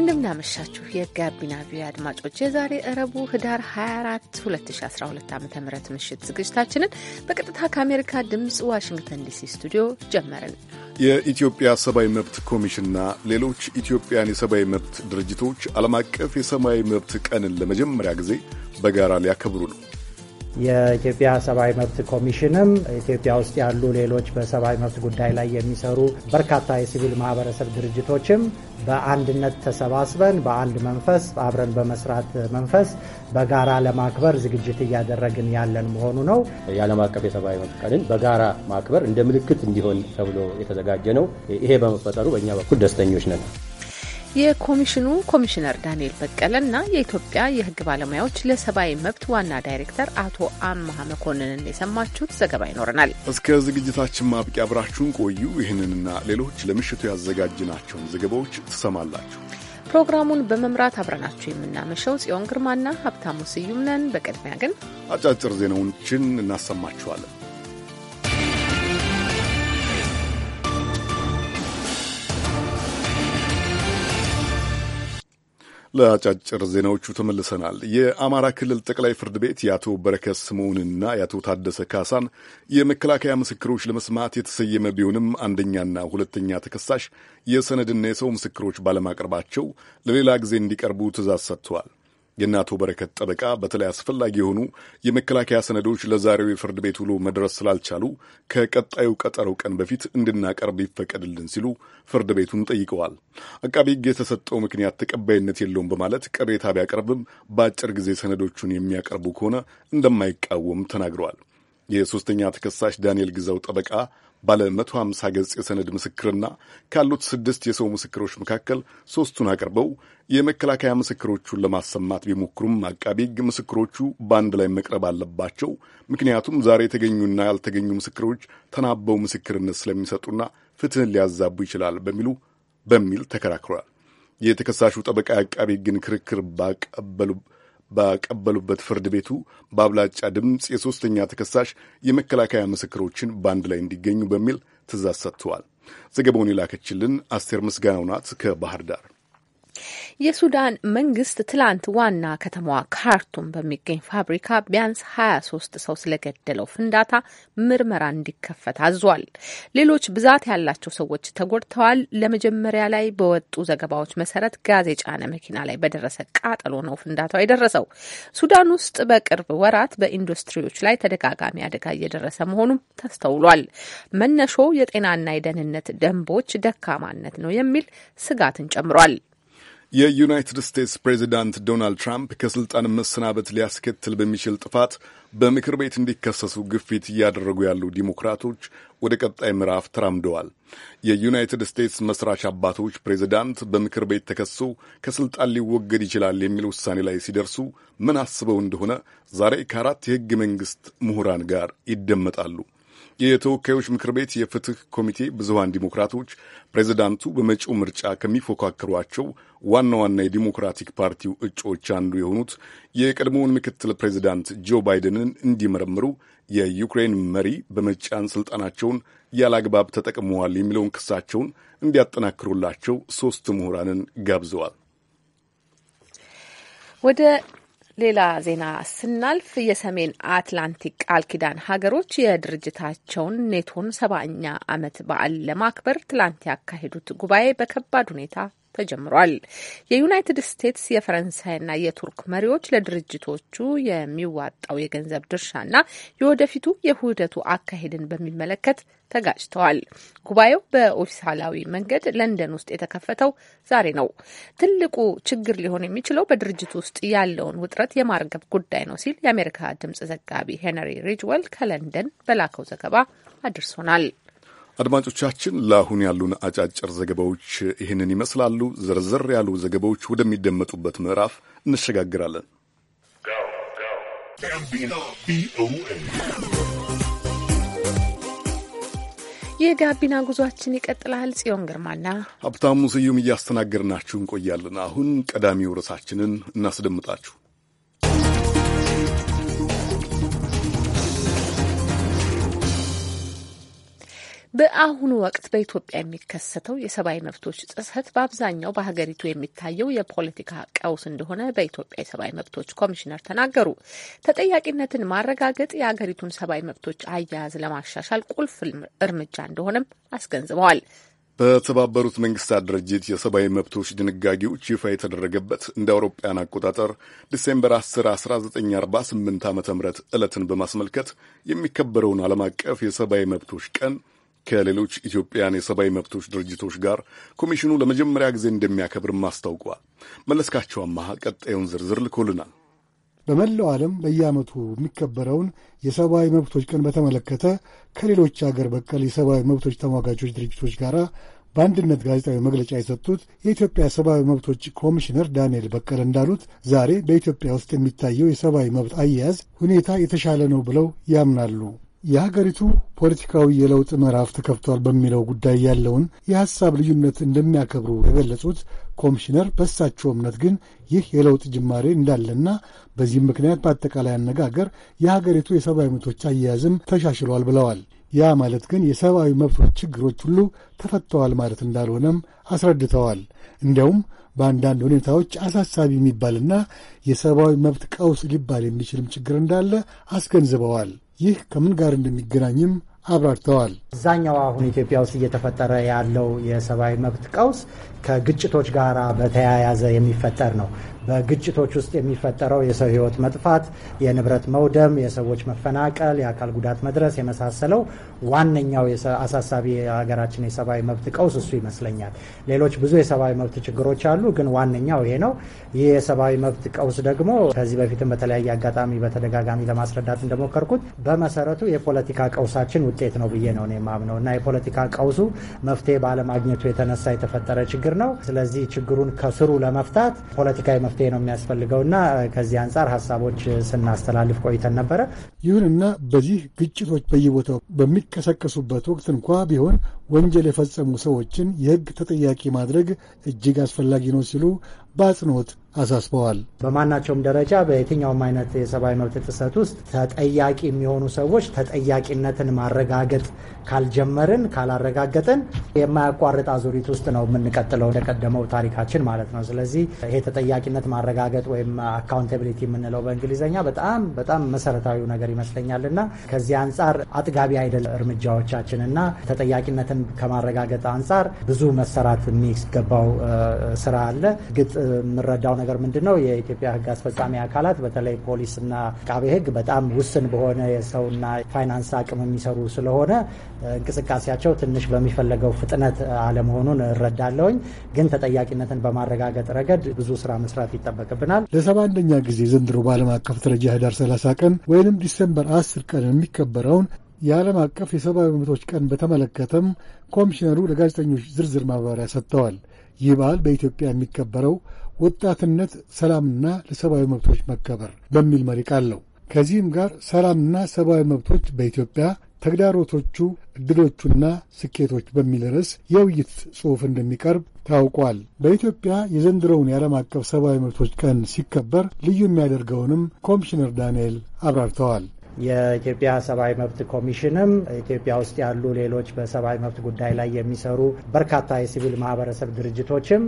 እንደምናመሻችሁ የጋቢና ቪ አድማጮች የዛሬ እረቡ ህዳር 24 2012 ዓ ም ምሽት ዝግጅታችንን በቀጥታ ከአሜሪካ ድምፅ ዋሽንግተን ዲሲ ስቱዲዮ ጀመርን። የኢትዮጵያ ሰብአዊ መብት ኮሚሽንና ሌሎች ኢትዮጵያን የሰብአዊ መብት ድርጅቶች ዓለም አቀፍ የሰብአዊ መብት ቀንን ለመጀመሪያ ጊዜ በጋራ ሊያከብሩ ነው። የኢትዮጵያ ሰብአዊ መብት ኮሚሽንም ኢትዮጵያ ውስጥ ያሉ ሌሎች በሰብአዊ መብት ጉዳይ ላይ የሚሰሩ በርካታ የሲቪል ማህበረሰብ ድርጅቶችም በአንድነት ተሰባስበን በአንድ መንፈስ አብረን በመስራት መንፈስ በጋራ ለማክበር ዝግጅት እያደረግን ያለን መሆኑ ነው። የዓለም አቀፍ የሰብአዊ መብት ቀንን በጋራ ማክበር እንደ ምልክት እንዲሆን ተብሎ የተዘጋጀ ነው። ይሄ በመፈጠሩ በእኛ በኩል ደስተኞች ነን። የኮሚሽኑ ኮሚሽነር ዳንኤል በቀለና የኢትዮጵያ የሕግ ባለሙያዎች ለሰብአዊ መብት ዋና ዳይሬክተር አቶ አማሀ መኮንንን የሰማችሁት ዘገባ ይኖረናል። እስከ ዝግጅታችን ማብቂያ አብራችሁን ቆዩ። ይህንንና ሌሎች ለምሽቱ ያዘጋጅናቸውን ዘገባዎች ትሰማላችሁ። ፕሮግራሙን በመምራት አብረናችሁ የምናመሸው ጽዮን ግርማና ሀብታሙ ስዩም ነን። በቅድሚያ ግን አጫጭር ዜናዎችን እናሰማችኋለን። ለአጫጭር ዜናዎቹ ተመልሰናል። የአማራ ክልል ጠቅላይ ፍርድ ቤት የአቶ በረከት ስምዖንና የአቶ ታደሰ ካሳን የመከላከያ ምስክሮች ለመስማት የተሰየመ ቢሆንም አንደኛና ሁለተኛ ተከሳሽ የሰነድና የሰው ምስክሮች ባለማቅረባቸው ለሌላ ጊዜ እንዲቀርቡ ትእዛዝ ሰጥተዋል። የእናቶ በረከት ጠበቃ በተለይ አስፈላጊ የሆኑ የመከላከያ ሰነዶች ለዛሬው የፍርድ ቤት ውሎ መድረስ ስላልቻሉ ከቀጣዩ ቀጠሮው ቀን በፊት እንድናቀርብ ይፈቀድልን ሲሉ ፍርድ ቤቱን ጠይቀዋል። አቃቢ ሕግ የተሰጠው ምክንያት ተቀባይነት የለውም በማለት ቅሬታ ቢያቀርብም በአጭር ጊዜ ሰነዶቹን የሚያቀርቡ ከሆነ እንደማይቃወም ተናግረዋል። የሦስተኛ ተከሳሽ ዳንኤል ግዛው ጠበቃ ባለ 150 ገጽ የሰነድ ምስክርና ካሉት ስድስት የሰው ምስክሮች መካከል ሦስቱን አቅርበው የመከላከያ ምስክሮቹን ለማሰማት ቢሞክሩም አቃቢ ሕግ ምስክሮቹ በአንድ ላይ መቅረብ አለባቸው፣ ምክንያቱም ዛሬ የተገኙና ያልተገኙ ምስክሮች ተናበው ምስክርነት ስለሚሰጡና ፍትህን ሊያዛቡ ይችላል በሚሉ በሚል ተከራክሯል። የተከሳሹ ጠበቃ የአቃቢ ሕግን ክርክር ባቀበሉ ባቀበሉበት ፍርድ ቤቱ በአብላጫ ድምፅ የሦስተኛ ተከሳሽ የመከላከያ ምስክሮችን በአንድ ላይ እንዲገኙ በሚል ትእዛዝ ሰጥተዋል። ዘገባውን የላከችልን አስቴር ምስጋናው ናት ከባህር ዳር። የሱዳን መንግስት ትላንት ዋና ከተማዋ ካርቱም በሚገኝ ፋብሪካ ቢያንስ 23 ሰው ስለገደለው ፍንዳታ ምርመራ እንዲከፈት አዟል። ሌሎች ብዛት ያላቸው ሰዎች ተጎድተዋል። ለመጀመሪያ ላይ በወጡ ዘገባዎች መሰረት ጋዝ የጫነ መኪና ላይ በደረሰ ቃጠሎ ነው ፍንዳታው የደረሰው። ሱዳን ውስጥ በቅርብ ወራት በኢንዱስትሪዎች ላይ ተደጋጋሚ አደጋ እየደረሰ መሆኑም ተስተውሏል። መነሾው የጤናና የደህንነት ደንቦች ደካማነት ነው የሚል ስጋትን ጨምሯል። የዩናይትድ ስቴትስ ፕሬዚዳንት ዶናልድ ትራምፕ ከስልጣን መሰናበት ሊያስከትል በሚችል ጥፋት በምክር ቤት እንዲከሰሱ ግፊት እያደረጉ ያሉ ዲሞክራቶች ወደ ቀጣይ ምዕራፍ ተራምደዋል። የዩናይትድ ስቴትስ መስራች አባቶች ፕሬዚዳንት በምክር ቤት ተከሶ ከስልጣን ሊወገድ ይችላል የሚል ውሳኔ ላይ ሲደርሱ ምን አስበው እንደሆነ ዛሬ ከአራት የህገ መንግሥት ምሁራን ጋር ይደመጣሉ። የተወካዮች ምክር ቤት የፍትህ ኮሚቴ ብዙሃን ዲሞክራቶች ፕሬዚዳንቱ በመጪው ምርጫ ከሚፎካከሯቸው ዋና ዋና የዲሞክራቲክ ፓርቲው እጩዎች አንዱ የሆኑት የቀድሞውን ምክትል ፕሬዚዳንት ጆ ባይደንን እንዲመረምሩ የዩክሬን መሪ በመጫን ስልጣናቸውን ያላግባብ ተጠቅመዋል የሚለውን ክሳቸውን እንዲያጠናክሩላቸው ሶስት ምሁራንን ጋብዘዋል። ወደ ሌላ ዜና ስናልፍ የሰሜን አትላንቲክ ቃል ኪዳን ሀገሮች የድርጅታቸውን ኔቶን ሰባኛ ዓመት በዓል ለማክበር ትላንት ያካሄዱት ጉባኤ በከባድ ሁኔታ ተጀምሯል። የዩናይትድ ስቴትስ የፈረንሳይና የቱርክ መሪዎች ለድርጅቶቹ የሚዋጣው የገንዘብ ድርሻና የወደፊቱ የውህደቱ አካሄድን በሚመለከት ተጋጭተዋል። ጉባኤው በኦፊሳላዊ መንገድ ለንደን ውስጥ የተከፈተው ዛሬ ነው። ትልቁ ችግር ሊሆን የሚችለው በድርጅቱ ውስጥ ያለውን ውጥረት የማርገብ ጉዳይ ነው ሲል የአሜሪካ ድምጽ ዘጋቢ ሄነሪ ሪጅዌል ከለንደን በላከው ዘገባ አድርሶናል። አድማጮቻችን፣ ለአሁን ያሉን አጫጭር ዘገባዎች ይህንን ይመስላሉ። ዝርዝር ያሉ ዘገባዎች ወደሚደመጡበት ምዕራፍ እንሸጋግራለን። የጋቢና ጉዟችን ይቀጥላል። ጽዮን ግርማና ሀብታሙ ስዩም እያስተናገድናችሁ እንቆያለን። አሁን ቀዳሚው ርዕሳችንን እናስደምጣችሁ። በአሁኑ ወቅት በኢትዮጵያ የሚከሰተው የሰብአዊ መብቶች ጥሰት በአብዛኛው በሀገሪቱ የሚታየው የፖለቲካ ቀውስ እንደሆነ በኢትዮጵያ የሰብአዊ መብቶች ኮሚሽነር ተናገሩ። ተጠያቂነትን ማረጋገጥ የሀገሪቱን ሰብአዊ መብቶች አያያዝ ለማሻሻል ቁልፍ እርምጃ እንደሆነም አስገንዝበዋል። በተባበሩት መንግስታት ድርጅት የሰብአዊ መብቶች ድንጋጌዎች ይፋ የተደረገበት እንደ አውሮፓውያን አቆጣጠር ዲሴምበር 10 1948 ዓ ም ዕለትን በማስመልከት የሚከበረውን ዓለም አቀፍ የሰብአዊ መብቶች ቀን ከሌሎች ኢትዮጵያን የሰብአዊ መብቶች ድርጅቶች ጋር ኮሚሽኑ ለመጀመሪያ ጊዜ እንደሚያከብርም አስታውቋል። መለስካቸው አመሃ ቀጣዩን ዝርዝር ልኮልናል። በመላው ዓለም በየዓመቱ የሚከበረውን የሰብአዊ መብቶች ቀን በተመለከተ ከሌሎች አገር በቀል የሰብአዊ መብቶች ተሟጋቾች ድርጅቶች ጋር በአንድነት ጋዜጣዊ መግለጫ የሰጡት የኢትዮጵያ ሰብአዊ መብቶች ኮሚሽነር ዳንኤል በቀለ እንዳሉት ዛሬ በኢትዮጵያ ውስጥ የሚታየው የሰብአዊ መብት አያያዝ ሁኔታ የተሻለ ነው ብለው ያምናሉ። የሀገሪቱ ፖለቲካዊ የለውጥ ምዕራፍ ተከፍቷል በሚለው ጉዳይ ያለውን የሐሳብ ልዩነት እንደሚያከብሩ የገለጹት ኮሚሽነር በእሳቸው እምነት ግን ይህ የለውጥ ጅማሬ እንዳለና በዚህም ምክንያት በአጠቃላይ አነጋገር የሀገሪቱ የሰብአዊ መብቶች አያያዝም ተሻሽሏል ብለዋል። ያ ማለት ግን የሰብአዊ መብቶች ችግሮች ሁሉ ተፈተዋል ማለት እንዳልሆነም አስረድተዋል። እንዲያውም በአንዳንድ ሁኔታዎች አሳሳቢ የሚባልና የሰብአዊ መብት ቀውስ ሊባል የሚችልም ችግር እንዳለ አስገንዝበዋል። ይህ ከምን ጋር እንደሚገናኝም አብራርተዋል። አብዛኛው አሁን ኢትዮጵያ ውስጥ እየተፈጠረ ያለው የሰብአዊ መብት ቀውስ ከግጭቶች ጋር በተያያዘ የሚፈጠር ነው። በግጭቶች ውስጥ የሚፈጠረው የሰው ህይወት መጥፋት፣ የንብረት መውደም፣ የሰዎች መፈናቀል፣ የአካል ጉዳት መድረስ የመሳሰለው ዋነኛው አሳሳቢ የሀገራችን የሰብአዊ መብት ቀውስ እሱ ይመስለኛል። ሌሎች ብዙ የሰብአዊ መብት ችግሮች አሉ፣ ግን ዋነኛው ይሄ ነው። ይህ የሰብአዊ መብት ቀውስ ደግሞ ከዚህ በፊትም በተለያየ አጋጣሚ በተደጋጋሚ ለማስረዳት እንደሞከርኩት በመሰረቱ የፖለቲካ ቀውሳችን ውጤት ነው ብዬ ነው የማምነው እና የፖለቲካ ቀውሱ መፍትሄ ባለማግኘቱ የተነሳ የተፈጠረ ችግር ነው። ስለዚህ ችግሩን ከስሩ ለመፍታት ፖለቲካዊ መፍትሄ መፍትሄ ነው የሚያስፈልገውና ከዚህ አንጻር ሀሳቦች ስናስተላልፍ ቆይተን ነበረ። ይሁንና በዚህ ግጭቶች በየቦታው በሚቀሰቀሱበት ወቅት እንኳ ቢሆን ወንጀል የፈጸሙ ሰዎችን የሕግ ተጠያቂ ማድረግ እጅግ አስፈላጊ ነው ሲሉ በአጽንኦት አሳስበዋል። በማናቸውም ደረጃ በየትኛውም አይነት የሰብአዊ መብት ጥሰት ውስጥ ተጠያቂ የሚሆኑ ሰዎች ተጠያቂነትን ማረጋገጥ ካልጀመርን፣ ካላረጋገጥን የማያቋርጥ አዙሪት ውስጥ ነው የምንቀጥለው እንደቀደመው ታሪካችን ማለት ነው። ስለዚህ ይሄ ተጠያቂነት ማረጋገጥ ወይም አካውንታብሊቲ የምንለው በእንግሊዝኛ በጣም በጣም መሰረታዊ ነገር ይመስለኛል እና ከዚህ አንጻር አጥጋቢ አይደል እርምጃዎቻችን እና ተጠያቂነትን ከማረጋገጥ አንጻር ብዙ መሰራት የሚገባው ስራ አለ ግጥ የምረዳው ነገር ምንድን ነው የኢትዮጵያ ህግ አስፈጻሚ አካላት በተለይ ፖሊስና አቃቤ ህግ በጣም ውስን በሆነ የሰውና ፋይናንስ አቅም የሚሰሩ ስለሆነ እንቅስቃሴያቸው ትንሽ በሚፈለገው ፍጥነት አለመሆኑን እረዳለሁኝ። ግን ተጠያቂነትን በማረጋገጥ ረገድ ብዙ ስራ መስራት ይጠበቅብናል። ለሰባ አንደኛ ጊዜ ዘንድሮ በዓለም አቀፍ ደረጃ ህዳር 30 ቀን ወይንም ዲሰምበር 10 ቀን የሚከበረውን የዓለም አቀፍ የሰብአዊ መብቶች ቀን በተመለከተም ኮሚሽነሩ ለጋዜጠኞች ዝርዝር ማብራሪያ ሰጥተዋል። ይህ በዓል በኢትዮጵያ የሚከበረው ወጣትነት ሰላምና ለሰብአዊ መብቶች መከበር በሚል መሪ ቃል ነው። ከዚህም ጋር ሰላምና ሰብአዊ መብቶች በኢትዮጵያ ተግዳሮቶቹ፣ እድሎቹና ስኬቶች በሚል ርዕስ የውይይት ጽሑፍ እንደሚቀርብ ታውቋል። በኢትዮጵያ የዘንድሮውን የዓለም አቀፍ ሰብአዊ መብቶች ቀን ሲከበር ልዩ የሚያደርገውንም ኮሚሽነር ዳንኤል አብራርተዋል። የኢትዮጵያ ሰብአዊ መብት ኮሚሽንም ኢትዮጵያ ውስጥ ያሉ ሌሎች በሰብአዊ መብት ጉዳይ ላይ የሚሰሩ በርካታ የሲቪል ማህበረሰብ ድርጅቶችም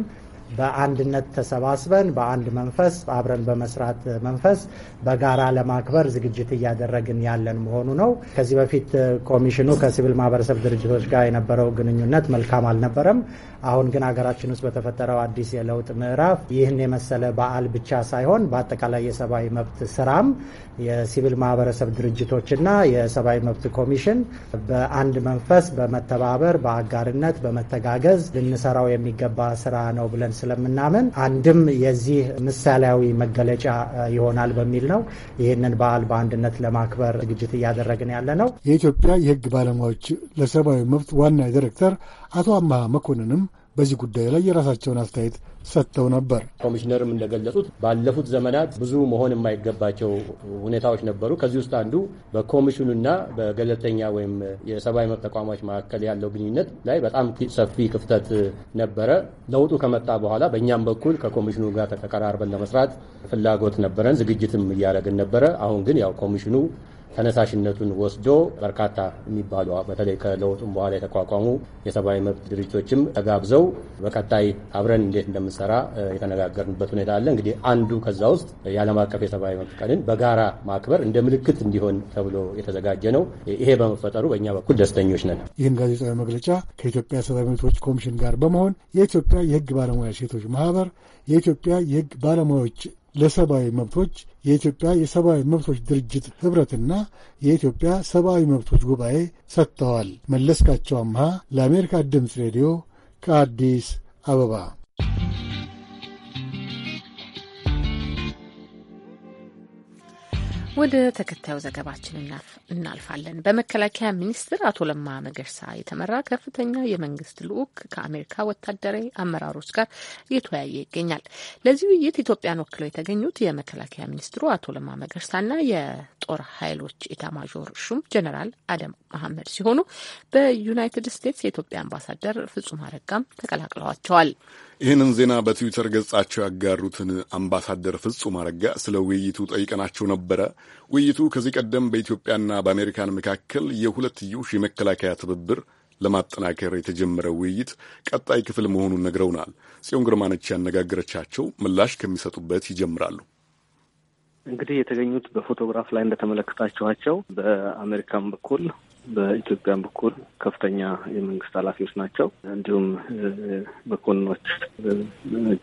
በአንድነት ተሰባስበን በአንድ መንፈስ አብረን በመስራት መንፈስ በጋራ ለማክበር ዝግጅት እያደረግን ያለን መሆኑ ነው። ከዚህ በፊት ኮሚሽኑ ከሲቪል ማህበረሰብ ድርጅቶች ጋር የነበረው ግንኙነት መልካም አልነበረም። አሁን ግን ሀገራችን ውስጥ በተፈጠረው አዲስ የለውጥ ምዕራፍ ይህን የመሰለ በዓል ብቻ ሳይሆን በአጠቃላይ የሰብአዊ መብት ስራም የሲቪል ማህበረሰብ ድርጅቶችና የሰብአዊ መብት ኮሚሽን በአንድ መንፈስ በመተባበር በአጋርነት በመተጋገዝ ልንሰራው የሚገባ ስራ ነው ብለን ስለምናምን አንድም የዚህ ምሳሌያዊ መገለጫ ይሆናል በሚል ነው ይህንን በዓል በአንድነት ለማክበር ዝግጅት እያደረግን ያለ ነው። የኢትዮጵያ የሕግ ባለሙያዎች ለሰብአዊ መብት ዋና ዲሬክተር አቶ አማ መኮንንም በዚህ ጉዳይ ላይ የራሳቸውን አስተያየት ሰጥተው ነበር። ኮሚሽነርም እንደገለጹት ባለፉት ዘመናት ብዙ መሆን የማይገባቸው ሁኔታዎች ነበሩ። ከዚህ ውስጥ አንዱ በኮሚሽኑና በገለልተኛ ወይም የሰብአዊ መብት ተቋማት መካከል ያለው ግንኙነት ላይ በጣም ሰፊ ክፍተት ነበረ። ለውጡ ከመጣ በኋላ በእኛም በኩል ከኮሚሽኑ ጋር ተቀራርበን ለመስራት ፍላጎት ነበረን፣ ዝግጅትም እያደረግን ነበረ። አሁን ግን ያው ኮሚሽኑ ተነሳሽነቱን ወስዶ በርካታ የሚባሉ በተለይ ከለውጡም በኋላ የተቋቋሙ የሰብአዊ መብት ድርጅቶችም ተጋብዘው በቀጣይ አብረን እንዴት እንደምንሰራ የተነጋገርንበት ሁኔታ አለ። እንግዲህ አንዱ ከዛ ውስጥ የዓለም አቀፍ የሰብአዊ መብት ቀንን በጋራ ማክበር እንደ ምልክት እንዲሆን ተብሎ የተዘጋጀ ነው። ይሄ በመፈጠሩ በእኛ በኩል ደስተኞች ነን። ይህን ጋዜጣዊ መግለጫ ከኢትዮጵያ ሰብአዊ መብቶች ኮሚሽን ጋር በመሆን የኢትዮጵያ የህግ ባለሙያ ሴቶች ማህበር፣ የኢትዮጵያ የህግ ባለሙያዎች ለሰብአዊ መብቶች የኢትዮጵያ የሰብአዊ መብቶች ድርጅት ኅብረትና የኢትዮጵያ ሰብአዊ መብቶች ጉባኤ ሰጥተዋል። መለስካቸው አምሃ ለአሜሪካ ድምፅ ሬዲዮ ከአዲስ አበባ ወደ ተከታዩ ዘገባችን እናልፋለን። በመከላከያ ሚኒስትር አቶ ለማ መገርሳ የተመራ ከፍተኛ የመንግስት ልዑክ ከአሜሪካ ወታደራዊ አመራሮች ጋር እየተወያየ ይገኛል። ለዚህ ውይይት ኢትዮጵያን ወክለው የተገኙት የመከላከያ ሚኒስትሩ አቶ ለማ መገርሳና የጦር ኃይሎች ኢታማዦር ሹም ጀነራል አደም መሐመድ ሲሆኑ በዩናይትድ ስቴትስ የኢትዮጵያ አምባሳደር ፍጹም አረጋም ተቀላቅለዋቸዋል። ይህንን ዜና በትዊተር ገጻቸው ያጋሩትን አምባሳደር ፍጹም አረጋ ስለ ውይይቱ ጠይቀናቸው ነበረ። ውይይቱ ከዚህ ቀደም በኢትዮጵያና በአሜሪካን መካከል የሁለትዮሽ የመከላከያ ትብብር ለማጠናከር የተጀመረ ውይይት ቀጣይ ክፍል መሆኑን ነግረውናል። ጽዮን ግርማነች ያነጋገረቻቸው ምላሽ ከሚሰጡበት ይጀምራሉ። እንግዲህ የተገኙት በፎቶግራፍ ላይ እንደተመለከታችኋቸው በአሜሪካን በኩል በኢትዮጵያን በኩል ከፍተኛ የመንግስት ኃላፊዎች ናቸው። እንዲሁም መኮንኖች፣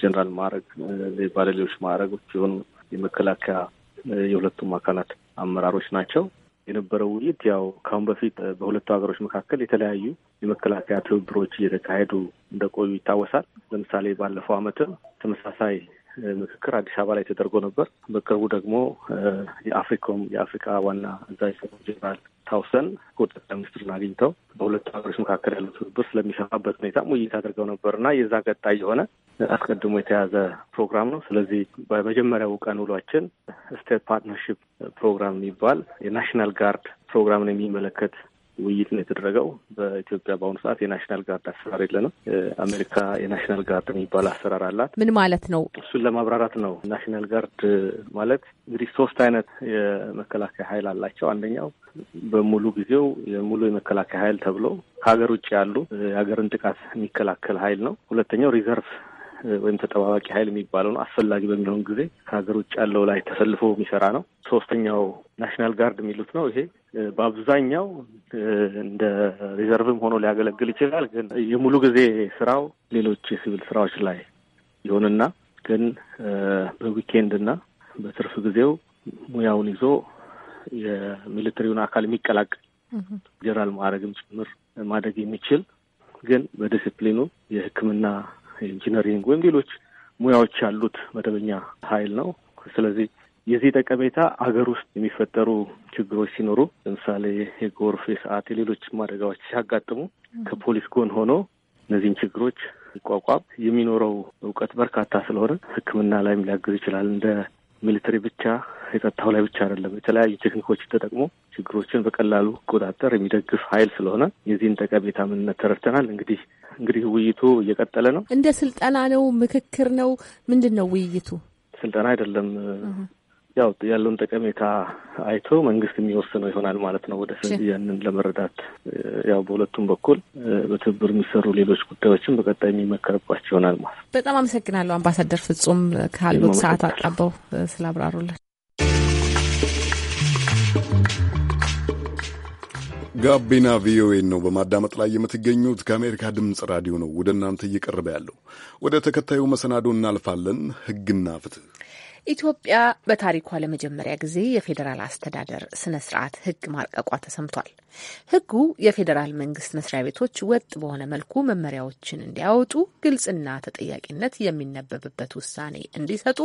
ጀኔራል ማዕረግ፣ ባለሌሎች ማዕረጎች የሆኑ የመከላከያ የሁለቱም አካላት አመራሮች ናቸው። የነበረው ውይይት ያው ከአሁን በፊት በሁለቱ ሀገሮች መካከል የተለያዩ የመከላከያ ትብብሮች እየተካሄዱ እንደቆዩ ይታወሳል። ለምሳሌ ባለፈው ዓመትም ተመሳሳይ ምክክር አዲስ አበባ ላይ ተደርጎ ነበር። በቅርቡ ደግሞ የአፍሪኮም የአፍሪካ ዋና እዛ ጀነራል ታውሰን ወደ ጠቅላይ ሚኒስትሩን አግኝተው በሁለቱ ሀገሮች መካከል ያለው ትብብር ስለሚሰፋበት ሁኔታ ውይይት አድርገው ነበር እና የዛ ቀጣይ የሆነ አስቀድሞ የተያዘ ፕሮግራም ነው። ስለዚህ በመጀመሪያው ቀን ውሏችን ስቴት ፓርትነርሽፕ ፕሮግራም የሚባል የናሽናል ጋርድ ፕሮግራምን የሚመለከት ውይይት ነው የተደረገው። በኢትዮጵያ በአሁኑ ሰዓት የናሽናል ጋርድ አሰራር የለንም። አሜሪካ የናሽናል ጋርድ የሚባል አሰራር አላት። ምን ማለት ነው? እሱን ለማብራራት ነው። ናሽናል ጋርድ ማለት እንግዲህ ሶስት አይነት የመከላከያ ኃይል አላቸው። አንደኛው በሙሉ ጊዜው የሙሉ የመከላከያ ኃይል ተብሎ ከሀገር ውጭ ያሉ የሀገርን ጥቃት የሚከላከል ኃይል ነው። ሁለተኛው ሪዘርቭ ወይም ተጠባባቂ ኃይል የሚባለው ነው። አስፈላጊ በሚሆን ጊዜ ከሀገር ውጭ ያለው ላይ ተሰልፎ የሚሰራ ነው። ሶስተኛው ናሽናል ጋርድ የሚሉት ነው። ይሄ በአብዛኛው እንደ ሪዘርቭም ሆኖ ሊያገለግል ይችላል። ግን የሙሉ ጊዜ ስራው ሌሎች የሲቪል ስራዎች ላይ ይሆንና ግን በዊኬንድና በትርፍ ጊዜው ሙያውን ይዞ የሚሊተሪውን አካል የሚቀላቀል ጀራል ማዕረግም ጭምር ማደግ የሚችል ግን በዲሲፕሊኑ የሕክምና ኢንጂነሪንግ ወይም ሌሎች ሙያዎች ያሉት መደበኛ ኃይል ነው። ስለዚህ የዚህ ጠቀሜታ አገር ውስጥ የሚፈጠሩ ችግሮች ሲኖሩ ለምሳሌ የጎርፍ፣ የሰዓት፣ የሌሎችም አደጋዎች ሲያጋጥሙ ከፖሊስ ጎን ሆኖ እነዚህን ችግሮች ይቋቋም የሚኖረው እውቀት በርካታ ስለሆነ ሕክምና ላይም ሊያግዝ ይችላል። እንደ ሚሊተሪ ብቻ የጸጥታው ላይ ብቻ አይደለም። የተለያዩ ቴክኒኮች ተጠቅሞ ችግሮችን በቀላሉ ቆጣጠር የሚደግፍ ኃይል ስለሆነ የዚህን ጠቀሜታ ምንነት ተረድተናል። እንግዲህ እንግዲህ ውይይቱ እየቀጠለ ነው። እንደ ስልጠና ነው? ምክክር ነው? ምንድን ነው ውይይቱ? ስልጠና አይደለም። ያው ያለውን ጠቀሜታ አይቶ መንግስት የሚወስነው ይሆናል ማለት ነው። ወደ ያንን ለመረዳት ያው በሁለቱም በኩል በትብብር የሚሰሩ ሌሎች ጉዳዮችን በቀጣይ የሚመከርባቸው ይሆናል ማለት በጣም አመሰግናለሁ አምባሳደር ፍጹም ካሉት ሰዓት አጣበው ስላብራሩልን። ጋቢና ቪኦኤን ነው በማዳመጥ ላይ የምትገኙት። ከአሜሪካ ድምፅ ራዲዮ ነው ወደ እናንተ እየቀረበ ያለው። ወደ ተከታዩ መሰናዶ እናልፋለን። ህግና ፍትህ ኢትዮጵያ በታሪኳ ለመጀመሪያ ጊዜ የፌዴራል አስተዳደር ስነ ስርዓት ህግ ማርቀቋ ተሰምቷል። ህጉ የፌዴራል መንግስት መስሪያ ቤቶች ወጥ በሆነ መልኩ መመሪያዎችን እንዲያወጡ፣ ግልጽና ተጠያቂነት የሚነበብበት ውሳኔ እንዲሰጡ፣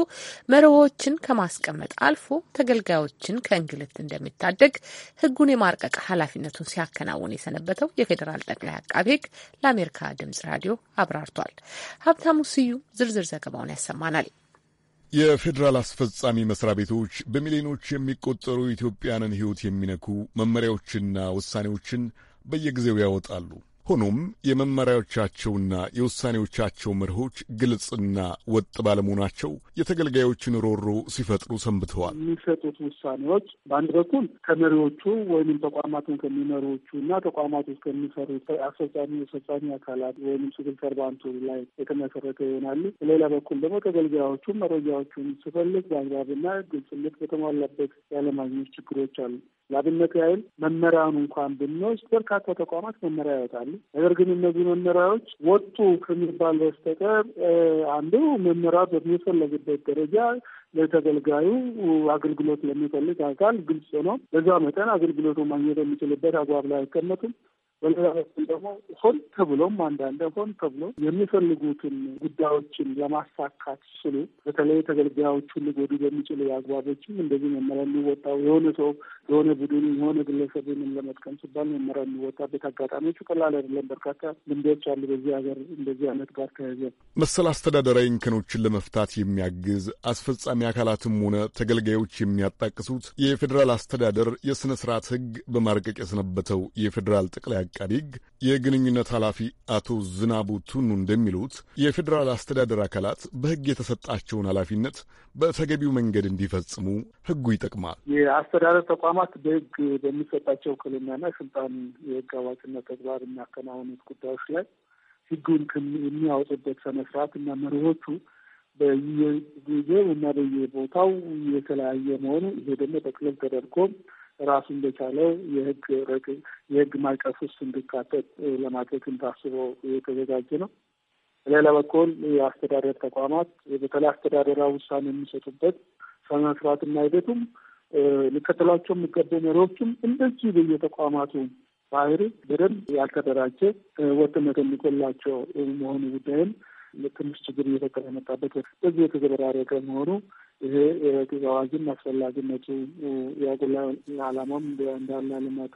መርሆችን ከማስቀመጥ አልፎ ተገልጋዮችን ከእንግልት እንደሚታደግ ህጉን የማርቀቅ ኃላፊነቱን ሲያከናውን የሰነበተው የፌዴራል ጠቅላይ አቃቤ ህግ ለአሜሪካ ድምጽ ራዲዮ አብራርቷል። ሀብታሙ ስዩም ዝርዝር ዘገባውን ያሰማናል። የፌዴራል አስፈጻሚ መስሪያ ቤቶች በሚሊዮኖች የሚቆጠሩ ኢትዮጵያንን ሕይወት የሚነኩ መመሪያዎችና ውሳኔዎችን በየጊዜው ያወጣሉ። ሆኖም የመመሪያዎቻቸውና የውሳኔዎቻቸው መርሆች ግልጽና ወጥ ባለመሆናቸው የተገልጋዮችን ሮሮ ሲፈጥሩ ሰንብተዋል። የሚሰጡት ውሳኔዎች በአንድ በኩል ከመሪዎቹ ወይም ተቋማትን ከሚመሪዎቹ እና ተቋማት ውስጥ ከሚሰሩ አስፈጻሚ የፈጻሚ አካላት ወይም ሲቪል ሰርቫንቱ ላይ የተመሰረተ ይሆናሉ። በሌላ በኩል ደግሞ ተገልጋዮቹ መረጃዎቹን ስፈልግ በአግባብና ግልጽነት በተሟላበት ያለማግኘት ችግሮች አሉ። ለአብነት ያህል መመሪያውን እንኳን ብንወስድ በርካታ ተቋማት መመሪያ ያወጣሉ። ይችላሉ። ነገር ግን እነዚህ መመሪያዎች ወጡ ከሚባል በስተቀር አንዱ መመሪያ በሚፈለግበት ደረጃ ለተገልጋዩ አገልግሎት ለሚፈልግ አካል ግልጽ ነው። በዛ መጠን አገልግሎቱ ማግኘት የሚችልበት አግባብ ላይ አይቀመጡም። በሌላ በኩል ደግሞ ሆን ተብሎም አንዳንድ ሆን ተብሎ የሚፈልጉትን ጉዳዮችን ለማሳካት ስሉ በተለይ ተገልጋዮቹን ሊጎዱ በሚችሉ አግባቦችም እንደዚህ መመሪያ የሚወጣው የሆነ ሰው የሆነ ቡድን የሆነ ግለሰብን ለመጥቀም ሲባል መመሪያ የሚወጣበት አጋጣሚዎቹ ቀላል አይደለም። በርካታ ልምዶች አሉ በዚህ ሀገር እንደዚህ አይነት ጋር ተያዘ መሰል አስተዳደራዊ እንከኖችን ለመፍታት የሚያግዝ አስፈጻሚ አካላትም ሆነ ተገልጋዮች የሚያጣቅሱት የፌዴራል አስተዳደር የስነ ስርዓት ህግ በማርቀቅ የሰነበተው የፌዴራል ጠቅላይ አቃቢ ሕግ የግንኙነት ኃላፊ አቶ ዝናቡ ቱኑ እንደሚሉት የፌዴራል አስተዳደር አካላት በሕግ የተሰጣቸውን ኃላፊነት በተገቢው መንገድ እንዲፈጽሙ ሕጉ ይጠቅማል። የአስተዳደር ተቋማት በሕግ በሚሰጣቸው ክልናና ስልጣን የሕግ አዋጭነት ተግባር የሚያከናውኑት ጉዳዮች ላይ ሕጉን የሚያወጡበት ስነስርዓት እና መርሆቹ በየጊዜው እና በየቦታው የተለያየ መሆኑ ይሄ ደግሞ በክልል ተደርጎ ራሱ በቻለ የህግ ረቂቅ የህግ ማዕቀፍ ውስጥ እንዲካተት ለማድረግም ታስቦ የተዘጋጀ ነው። በሌላ በኩል የአስተዳደር ተቋማት በተለይ አስተዳደራዊ ውሳኔ የሚሰጡበት ስነስርዓትና ሂደቱም ሊከተሏቸው የሚገቡ መሪዎችም እንደዚህ በየተቋማቱ ባህሪ በደንብ ያልተደራጀ ወጥነት የሚጎላቸው መሆኑ ጉዳይም ትንሽ ችግር እየፈጠረ የመጣበት በዚህ የተዘበራረቀ መሆኑ ይሄ የረቂቅ አስፈላጊነቱ ያጉላ አላማም እንዳለ ልማት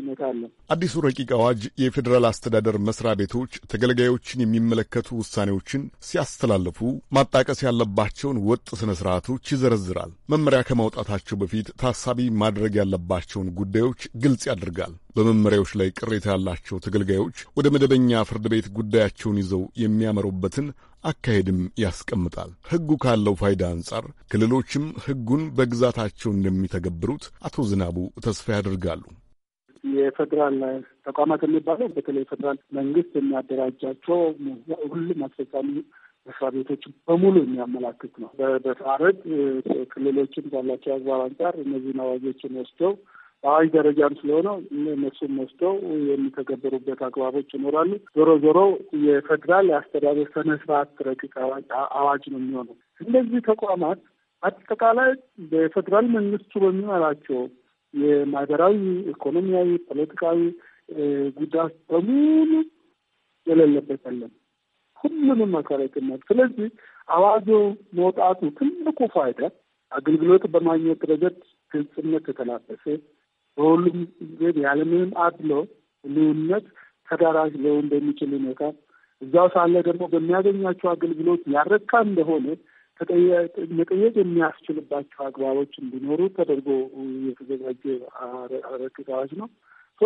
ሁኔታ አለ። አዲሱ ረቂቅ አዋጅ የፌዴራል አስተዳደር መስሪያ ቤቶች ተገልጋዮችን የሚመለከቱ ውሳኔዎችን ሲያስተላልፉ ማጣቀስ ያለባቸውን ወጥ ስነ ስርዓቶች ይዘረዝራል። መመሪያ ከማውጣታቸው በፊት ታሳቢ ማድረግ ያለባቸውን ጉዳዮች ግልጽ ያደርጋል። በመመሪያዎች ላይ ቅሬታ ያላቸው ተገልጋዮች ወደ መደበኛ ፍርድ ቤት ጉዳያቸውን ይዘው የሚያመሩበትን አካሄድም ያስቀምጣል። ሕጉ ካለው ፋይዳ አንጻር ክልሎችም ሕጉን በግዛታቸው እንደሚተገብሩት አቶ ዝናቡ ተስፋ ያደርጋሉ። የፌዴራል ተቋማት የሚባለው በተለይ ፌዴራል መንግስት የሚያደራጃቸው ሁሉም አስፈጻሚ መስሪያ ቤቶች በሙሉ የሚያመላክት ነው። በተአረግ ክልሎችም ካላቸው አግባብ አንጻር እነዚህን አዋጆችን ወስደው አዋጅ ደረጃም ስለሆነ እነሱም ወስደው የሚተገበሩበት አግባቦች ይኖራሉ። ዞሮ ዞሮ የፌዴራል የአስተዳደር ስነ ስርዓት ረቂቅ አዋጅ ነው የሚሆነው። እንደዚህ ተቋማት አጠቃላይ በፌዴራል መንግስቱ በሚመራቸው የማህበራዊ፣ ኢኮኖሚያዊ፣ ፖለቲካዊ ጉዳት በሙሉ የሌለበት የለም። ሁሉንም መሰረት ስለዚህ አዋጁ መውጣቱ ትልቁ ፋይዳ አገልግሎት በማግኘት ረገድ ግልጽነት የተላበሰ በሁሉም ግን ያለምንም አድሎ ልዩነት ተዳራሽ ሊሆን እንደሚችል ሁኔታ እዛው ሳለ ደግሞ በሚያገኛቸው አገልግሎት ያረካ እንደሆነ መጠየቅ የሚያስችልባቸው አግባቦች እንዲኖሩ ተደርጎ የተዘጋጀ ረቂቅ አዋጅ ነው።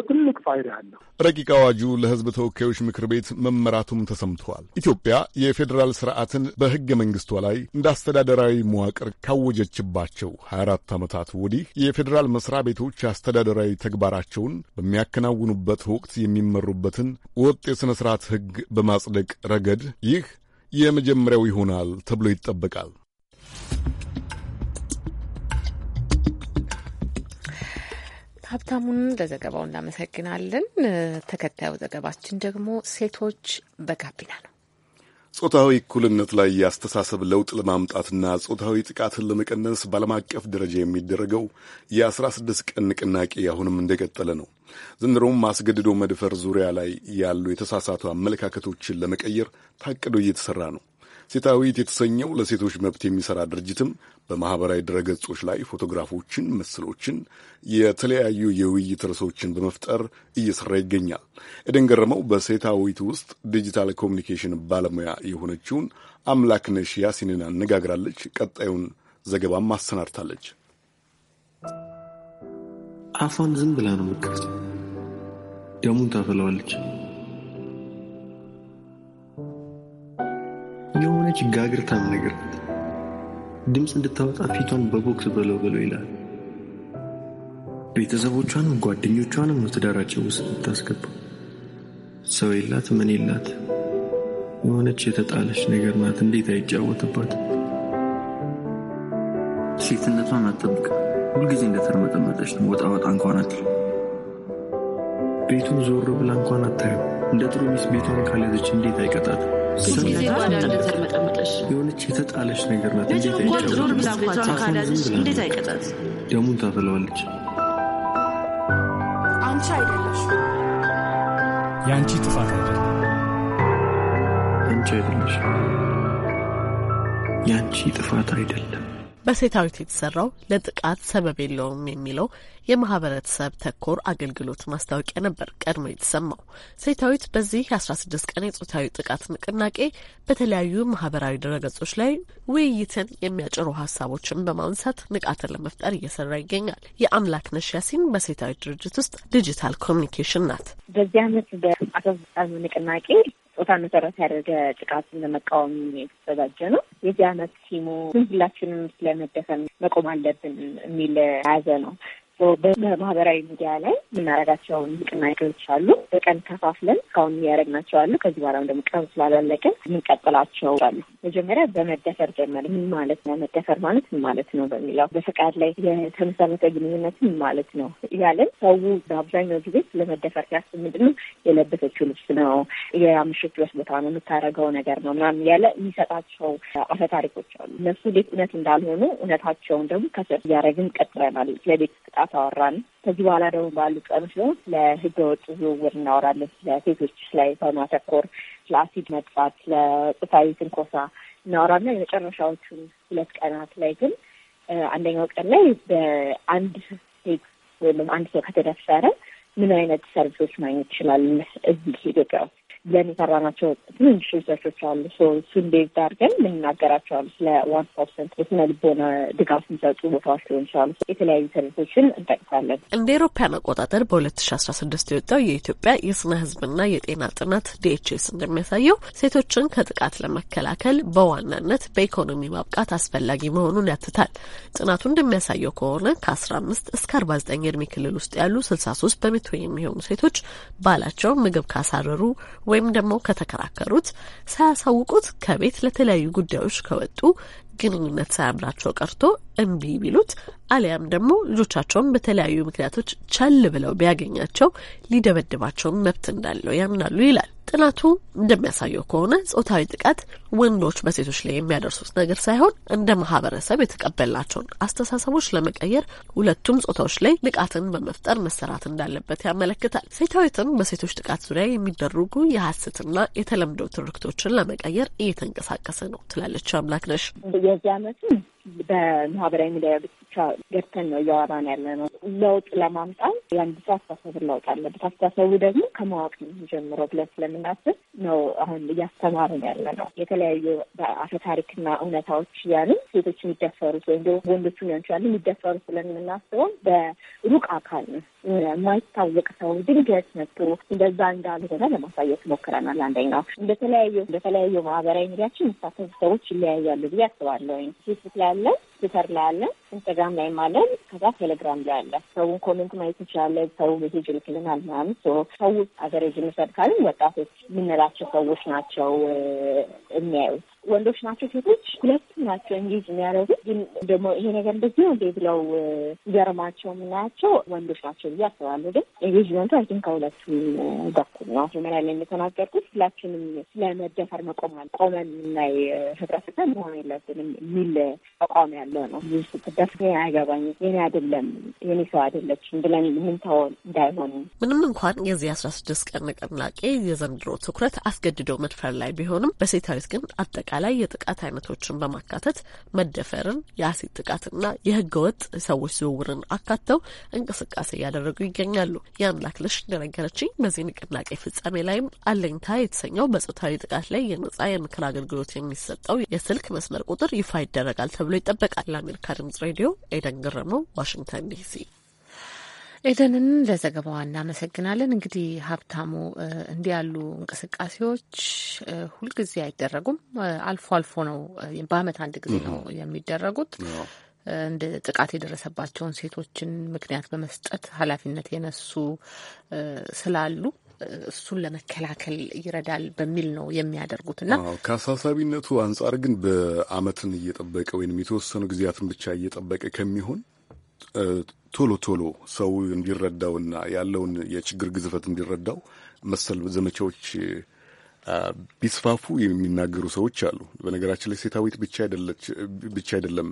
ትልቅ ፋይዳ አለው። ረቂቅ አዋጁ ለሕዝብ ተወካዮች ምክር ቤት መመራቱም ተሰምተዋል። ኢትዮጵያ የፌዴራል ስርዓትን በሕገ መንግስቷ ላይ እንደ አስተዳደራዊ መዋቅር ካወጀችባቸው 24 ዓመታት ወዲህ የፌዴራል መስሪያ ቤቶች አስተዳደራዊ ተግባራቸውን በሚያከናውኑበት ወቅት የሚመሩበትን ወጥ የሥነ ሥርዓት ሕግ በማጽደቅ ረገድ ይህ የመጀመሪያው ይሆናል ተብሎ ይጠበቃል። ሀብታሙን ለዘገባው እናመሰግናለን። ተከታዩ ዘገባችን ደግሞ ሴቶች በጋቢና ነው። ጾታዊ እኩልነት ላይ የአስተሳሰብ ለውጥ ለማምጣትና ጾታዊ ጥቃትን ለመቀነስ በዓለም አቀፍ ደረጃ የሚደረገው የ16 ቀን ንቅናቄ አሁንም እንደቀጠለ ነው። ዘንድሮም ማስገድዶ መድፈር ዙሪያ ላይ ያሉ የተሳሳቱ አመለካከቶችን ለመቀየር ታቅዶ እየተሰራ ነው። ሴታዊት የተሰኘው ለሴቶች መብት የሚሰራ ድርጅትም በማህበራዊ ድረገጾች ላይ ፎቶግራፎችን፣ ምስሎችን፣ የተለያዩ የውይይት ርዕሶችን በመፍጠር እየሰራ ይገኛል። ኤደን ገረመው በሴታዊት ውስጥ ዲጂታል ኮሚኒኬሽን ባለሙያ የሆነችውን አምላክነሽ ያሲንን አነጋግራለች። ቀጣዩን ዘገባም አሰናድታለች። አፏን ዝም ብላ ነው የምትከፍተው። ደሙን ታፈለዋለች። የሆነች ጋግርታም ነገር ድምፅ እንድታወጣ ፊቷን በቦክስ በለው በለው ይላል። ቤተሰቦቿንም ጓደኞቿንም ነው ትዳራቸው ውስጥ የምታስገባው። ሰው የላት ምን የላት የሆነች የተጣለች ነገር ናት። እንዴት አይጫወትባት? ሴትነቷን አትጠብቅ። ሁልጊዜ እንደተርመጠመጠች ነው። ወጣ ወጣ እንኳን አትል። ቤቱን ዞር ብላ እንኳን አታዩ። እንደ ጥሩ ሚስት ቤቷን ካልያዘች እንዴት አይቀጣትም? የሆነች የተጣለች ነገር እንዴት አይቀጣት? ደሙን ታፈለዋለች። አንቺ አይደለሽ፣ የአንቺ ጥፋት አይደለም። አንቺ አይደለሽ፣ የአንቺ ጥፋት አይደለም። በሴታዊት የተሰራው ለጥቃት ሰበብ የለውም የሚለው የማህበረተሰብ ተኮር አገልግሎት ማስታወቂያ ነበር ቀድሞ የተሰማው። ሴታዊት በዚህ የ16 ቀን የጾታዊ ጥቃት ንቅናቄ በተለያዩ ማህበራዊ ድረገጾች ላይ ውይይትን የሚያጭሩ ሀሳቦችን በማንሳት ንቃትን ለመፍጠር እየሰራ ይገኛል። የአምላክ ነሽ ያሲን በሴታዊት ድርጅት ውስጥ ዲጂታል ኮሚኒኬሽን ናት። በዚህ አመት ቀን ንቅናቄ ጾታን መሰረት ያደረገ ጥቃትን ለመቃወም የተዘጋጀ ነው። የዚህ አመት ሲሙ ሁላችንም ስለመደፈን መቆም አለብን የሚል የያዘ ነው። በማህበራዊ ሚዲያ ላይ የምናረጋቸውን ንቅናቄዎች አሉ። በቀን ከፋፍለን እስካሁን እያደረግናቸው አሉ። ከዚህ በኋላም ደግሞ ቀኑ ስላላለቀ የምንቀጥላቸው አሉ። መጀመሪያ በመደፈር ጀመር። ምን ማለት ነው መደፈር ማለት ምን ማለት ነው በሚለው በፈቃድ ላይ የተመሰረተ ግንኙነት ምን ማለት ነው እያለን ሰው በአብዛኛው ጊዜ ስለመደፈር ሲያስብ ምንድን ነው የለበሰችው ልብስ ነው፣ የምሽት ወስ ቦታ ነው፣ የምታደርገው ነገር ነው ምናምን እያለ የሚሰጣቸው አፈ ታሪኮች አሉ። እነሱ እንዴት እውነት እንዳልሆኑ እውነታቸውን ደግሞ ከስር እያደረግን ቀጥለናል ለቤት ሰዓት አወራን። ከዚህ በኋላ ደግሞ ባሉ ቀን ሲሆን ስለ ህገ ህገወጥ ዝውውር እናወራለን። ስለ ሴቶች ላይ በማተኮር ስለ አሲድ መጥፋት፣ ስለ ጾታዊ ትንኮሳ እናወራና የመጨረሻዎቹን ሁለት ቀናት ላይ ግን አንደኛው ቀን ላይ በአንድ ሴት ወይም አንድ ሰው ከተደፈረ ምን አይነት ሰርቪሶች ማግኘት ይችላል እዚህ ኢትዮጵያ ውስጥ ብለን የሰራናቸው ትንንሽ ሪሰርቾች አሉ። እሱን ቤዝ አድርገን የምንናገራቸዋል ስለ ዋን ስቶፕ የስነ ልቦና ድጋፍ የሚሰጡ ቦታዎች ሊሆን ይችላሉ። የተለያዩ ሰርቪሶችን እንጠቅሳለን። እንደ ኤሮፓያን አቆጣጠር በሁለት ሺ አስራ ስድስት የወጣው የኢትዮጵያ የስነ ህዝብና የጤና ጥናት ዲኤችኤስ እንደሚያሳየው ሴቶችን ከጥቃት ለመከላከል በዋናነት በኢኮኖሚ ማብቃት አስፈላጊ መሆኑን ያትታል። ጥናቱ እንደሚያሳየው ከሆነ ከአስራ አምስት እስከ አርባ ዘጠኝ የእድሜ ክልል ውስጥ ያሉ ስልሳ ሶስት በመቶ የሚሆኑ ሴቶች ባላቸው ምግብ ካሳረሩ ወይም ደግሞ ከተከራከሩት ሳያሳውቁት ከቤት ለተለያዩ ጉዳዮች ከወጡ ግንኙነት ሳያምራቸው ቀርቶ እምቢ ቢሉት አሊያም ደግሞ ልጆቻቸውን በተለያዩ ምክንያቶች ቸል ብለው ቢያገኛቸው ሊደበድባቸውን መብት እንዳለው ያምናሉ ይላል። ጥናቱ እንደሚያሳየው ከሆነ ጾታዊ ጥቃት ወንዶች በሴቶች ላይ የሚያደርሱት ነገር ሳይሆን እንደ ማህበረሰብ የተቀበልናቸውን አስተሳሰቦች ለመቀየር ሁለቱም ጾታዎች ላይ ንቃትን በመፍጠር መሰራት እንዳለበት ያመለክታል። ሴታዊትም በሴቶች ጥቃት ዙሪያ የሚደረጉ የሀሰትና የተለምዶ ትርክቶችን ለመቀየር እየተንቀሳቀሰ ነው ትላለች ነሽ የዚህ ዓመትም በማህበራዊ ሚዲያ ብቻ ገብተን ነው እያወራን ያለ ነው። ለውጥ ለማምጣት የአንድ ሰው አስተሳሰብ ለውጥ አለበት። አስተሳሰቡ ደግሞ ከማወቅ ነው ብለን ስለምናስብ ነው አሁን እያስተማርን ያለ ነው። የተለያዩ በአፈ ታሪክና እውነታዎች እያልን ሴቶች የሚደፈሩት ወይም ደግሞ ወንዶቹ ሊሆን ይችላሉ የሚደፈሩት ብለን የምናስበው በሩቅ አካል ነው የማይታወቅ ሰው ድንገት መጥቶ እንደዛ እንዳልሆነ ለማሳየት ሞክረናል። አንደኛው እንደተለያዩ እንደተለያዩ ማህበራዊ ሚዲያችን መሳተፍ ሰዎች ይለያያሉ ብዬ አስባለሁ። ፌስቡክ ላይ አለን። ትዊተር ላይ አለ፣ ኢንስታግራም ላይም አለን፣ ከዛ ቴሌግራም ላይ አለ። ሰውን ኮሜንት ማየት እንችላለን። ሰው ሜሴጅ ልክልናል ምናምን። ሰው አገሬጅ እንውሰድ ካልን ወጣቶች የምንላቸው ሰዎች ናቸው የሚያዩት። ወንዶች ናቸው ሴቶች፣ ሁለቱም ናቸው እንጌጅ የሚያደርጉት። ግን ደግሞ ይሄ ነገር እንደዚህ ነው እንዴ ብለው ገርማቸው የምናያቸው ወንዶች ናቸው ብዬ አስባለሁ። ግን ኤንጌጅመንቱ አይ ቲንክ ከሁለቱም በኩል ነው። መጀመሪያ ላይ እንደተናገርኩት ሁላችንም ስለመደፈር መቆማል ቆመን የምናይ ህብረተሰብ መሆን የለብንም የሚል ተቃውሞ ያለው ነው። ብዙ ስትዳስ ግን አይገባኝም፣ የኔ አይደለም፣ የኔ ሰው አይደለችም ብለን የምንተወው እንዳይሆን ምንም እንኳን የዚህ አስራ ስድስት ቀን ንቅናቄ የዘንድሮ ትኩረት አስገድደው መድፈር ላይ ቢሆንም በሴታዊት ግን አጠቃላይ የጥቃት አይነቶችን በማካተት መደፈርን፣ የአሲድ ጥቃትና የህገወጥ ሰዎች ዝውውርን አካተው እንቅስቃሴ እያደረጉ ይገኛሉ። የአምላክ ልሽ እንደነገረችኝ በዚህ ንቅናቄ ፍጻሜ ላይም አለኝታ የተሰኘው በጾታዊ ጥቃት ላይ የነጻ የምክር አገልግሎት የሚሰጠው የስልክ መስመር ቁጥር ይፋ ይደረጋል ተብሎ ይጠበቃል። ይጠብቃል። ለአሜሪካ ድምጽ ሬዲዮ ኤደን ገረመው ዋሽንግተን ዲሲ። ኤደንን ለዘገባዋ እናመሰግናለን። እንግዲህ ሀብታሙ፣ እንዲህ ያሉ እንቅስቃሴዎች ሁልጊዜ አይደረጉም። አልፎ አልፎ ነው፣ በአመት አንድ ጊዜ ነው የሚደረጉት። እንደ ጥቃት የደረሰባቸውን ሴቶችን ምክንያት በመስጠት ኃላፊነት የነሱ ስላሉ እሱን ለመከላከል ይረዳል በሚል ነው የሚያደርጉት እና ከአሳሳቢነቱ አንጻር ግን በአመትን እየጠበቀ ወይም የተወሰኑ ጊዜያትን ብቻ እየጠበቀ ከሚሆን ቶሎ ቶሎ ሰው እንዲረዳውና ያለውን የችግር ግዝፈት እንዲረዳው መሰል ዘመቻዎች ቢስፋፉ የሚናገሩ ሰዎች አሉ። በነገራችን ላይ ሴታዊት ብቻ አይደለም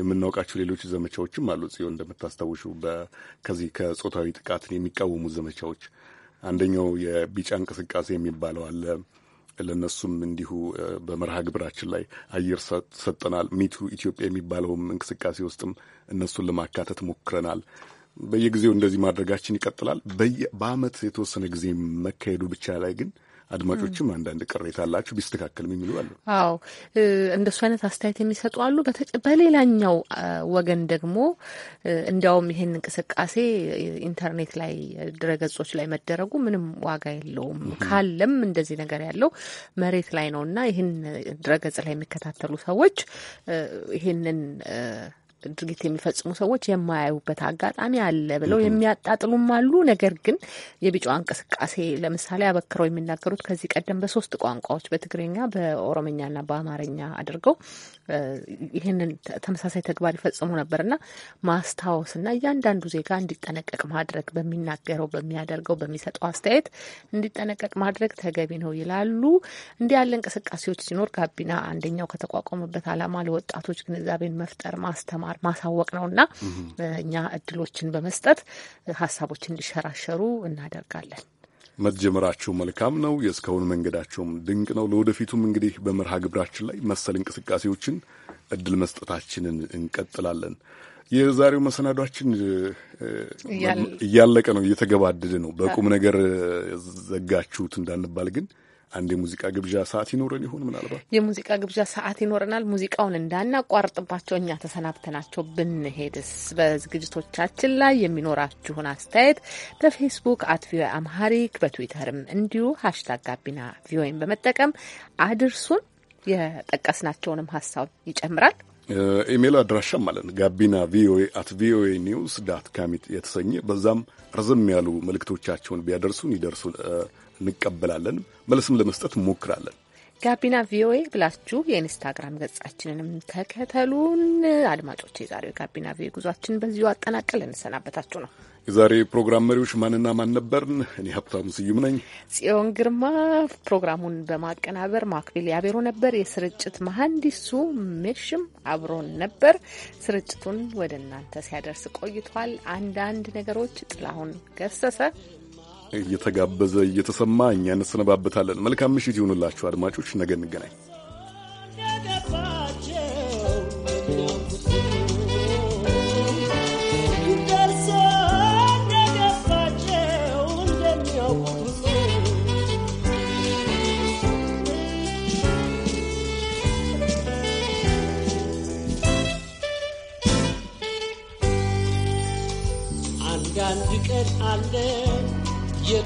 የምናውቃቸው ሌሎች ዘመቻዎችም አሉ። ጽዮን እንደምታስታውሹ ከዚህ ከጾታዊ ጥቃትን የሚቃወሙ ዘመቻዎች አንደኛው የቢጫ እንቅስቃሴ የሚባለው አለ። ለእነሱም እንዲሁ በመርሃ ግብራችን ላይ አየር ሰጠናል። ሚቱ ኢትዮጵያ የሚባለውም እንቅስቃሴ ውስጥም እነሱን ለማካተት ሞክረናል። በየጊዜው እንደዚህ ማድረጋችን ይቀጥላል። በአመት የተወሰነ ጊዜ መካሄዱ ብቻ ላይ ግን አድማጮችም አንዳንድ ቅሬታ አላችሁ ቢስተካከልም የሚሉ አሉ። አዎ እንደሱ አይነት አስተያየት የሚሰጡ አሉ። በሌላኛው ወገን ደግሞ እንዲያውም ይሄን እንቅስቃሴ ኢንተርኔት ላይ ድረገጾች ላይ መደረጉ ምንም ዋጋ የለውም፣ ካለም እንደዚህ ነገር ያለው መሬት ላይ ነው እና ይህን ድረገጽ ላይ የሚከታተሉ ሰዎች ይህንን ድርጊት የሚፈጽሙ ሰዎች የማያዩበት አጋጣሚ አለ ብለው የሚያጣጥሉም አሉ። ነገር ግን የቢጫዋ እንቅስቃሴ ለምሳሌ አበክረው የሚናገሩት ከዚህ ቀደም በሶስት ቋንቋዎች በትግርኛ፣ ና በአማርኛ አድርገው ይህንን ተመሳሳይ ተግባር ይፈጽሙ ማስታወስ ማስታወስና እያንዳንዱ ዜጋ እንዲጠነቀቅ ማድረግ በሚናገረው፣ በሚያደርገው፣ በሚሰጠው አስተያየት እንዲጠነቀቅ ማድረግ ተገቢ ነው ይላሉ። እንዲህ ያለ እንቅስቃሴዎች ሲኖር ጋቢና አንደኛው ከተቋቋመበት ዓላማ ለወጣቶች ግንዛቤን መፍጠር ማስተማር ማስተማር ማሳወቅ ነው እና እኛ እድሎችን በመስጠት ሀሳቦች እንዲሸራሸሩ እናደርጋለን። መጀመራችሁ መልካም ነው። የእስካሁን መንገዳችሁም ድንቅ ነው። ለወደፊቱም እንግዲህ በመርሃ ግብራችን ላይ መሰል እንቅስቃሴዎችን እድል መስጠታችንን እንቀጥላለን። የዛሬው መሰናዷችን እያለቀ ነው፣ እየተገባደደ ነው። በቁም ነገር ዘጋችሁት እንዳንባል ግን አንድ የሙዚቃ ግብዣ ሰዓት ይኖረን ይሆን? ምናልባት የሙዚቃ ግብዣ ሰዓት ይኖረናል። ሙዚቃውን እንዳናቋርጥባቸው እኛ ተሰናብተናቸው ብንሄድስ? በዝግጅቶቻችን ላይ የሚኖራችሁን አስተያየት በፌስቡክ አት ቪኦኤ አምሃሪክ በትዊተርም እንዲሁ ሀሽታግ ጋቢና ቪኦኤን በመጠቀም አድርሱን። የጠቀስናቸውንም ሀሳብ ይጨምራል። ኢሜይል አድራሻም አለን። ጋቢና ቪኦኤ አት ቪኦኤ ኒውስ ዳት ካሚት የተሰኘ በዛም ረዘም ያሉ መልእክቶቻቸውን ቢያደርሱን ይደርሱን እንቀበላለን። መልስም ለመስጠት እንሞክራለን። ጋቢና ቪኦኤ ብላችሁ የኢንስታግራም ገጻችንንም ተከተሉን። አድማጮች፣ የዛሬው ጋቢና ቪኦኤ ጉዟችን በዚሁ አጠናቀል እንሰናበታችሁ ነው። የዛሬ ፕሮግራም መሪዎች ማንና ማን ነበርን? እኔ ሀብታሙ ስዩም ነኝ። ጽዮን ግርማ ፕሮግራሙን በማቀናበር ማክቤል ያቤሮ ነበር። የስርጭት መሐንዲሱ ምሽም አብሮን ነበር። ስርጭቱን ወደ እናንተ ሲያደርስ ቆይቷል። አንዳንድ ነገሮች ጥላሁን ገሰሰ እየተጋበዘ እየተሰማ እኛ እንሰነባበታለን። መልካም ምሽት ይሁንላችሁ አድማጮች፣ ነገ እንገናኝ።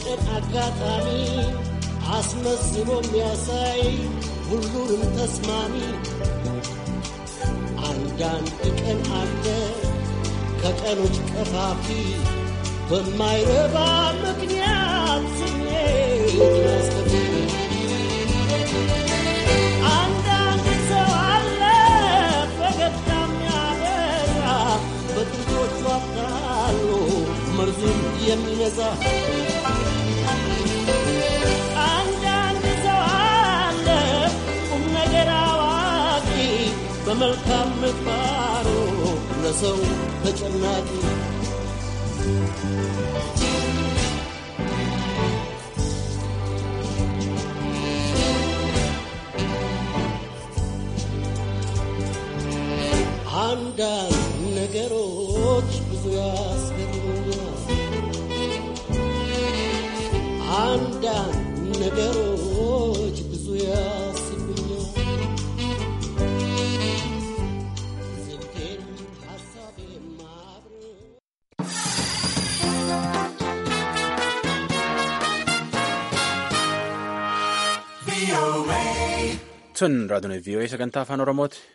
የቀን አጋጣሚ አስመስሎ የሚያሳይ ሁሉንም ተስማሚ አንዳንድ ቀን አለ ከቀኖች ቀፋፊ በማይረባ ምክንያት ስሜት መስከፊ አንዳንድ ሰው አለ ፈገግታ የሚያበዛ በጥንቶቹ አታሎ መርዙም የሚነዛ መልካም ምግባሩ ለሰው ተጨናቂ አንዳንድ ነገሮች ብዙ ያስገርሙኛል። አንዳንድ ነገሮች ብዙ ያ Daawwattoonni raadiyoon vii'oo sagantaa afaan Oromooti.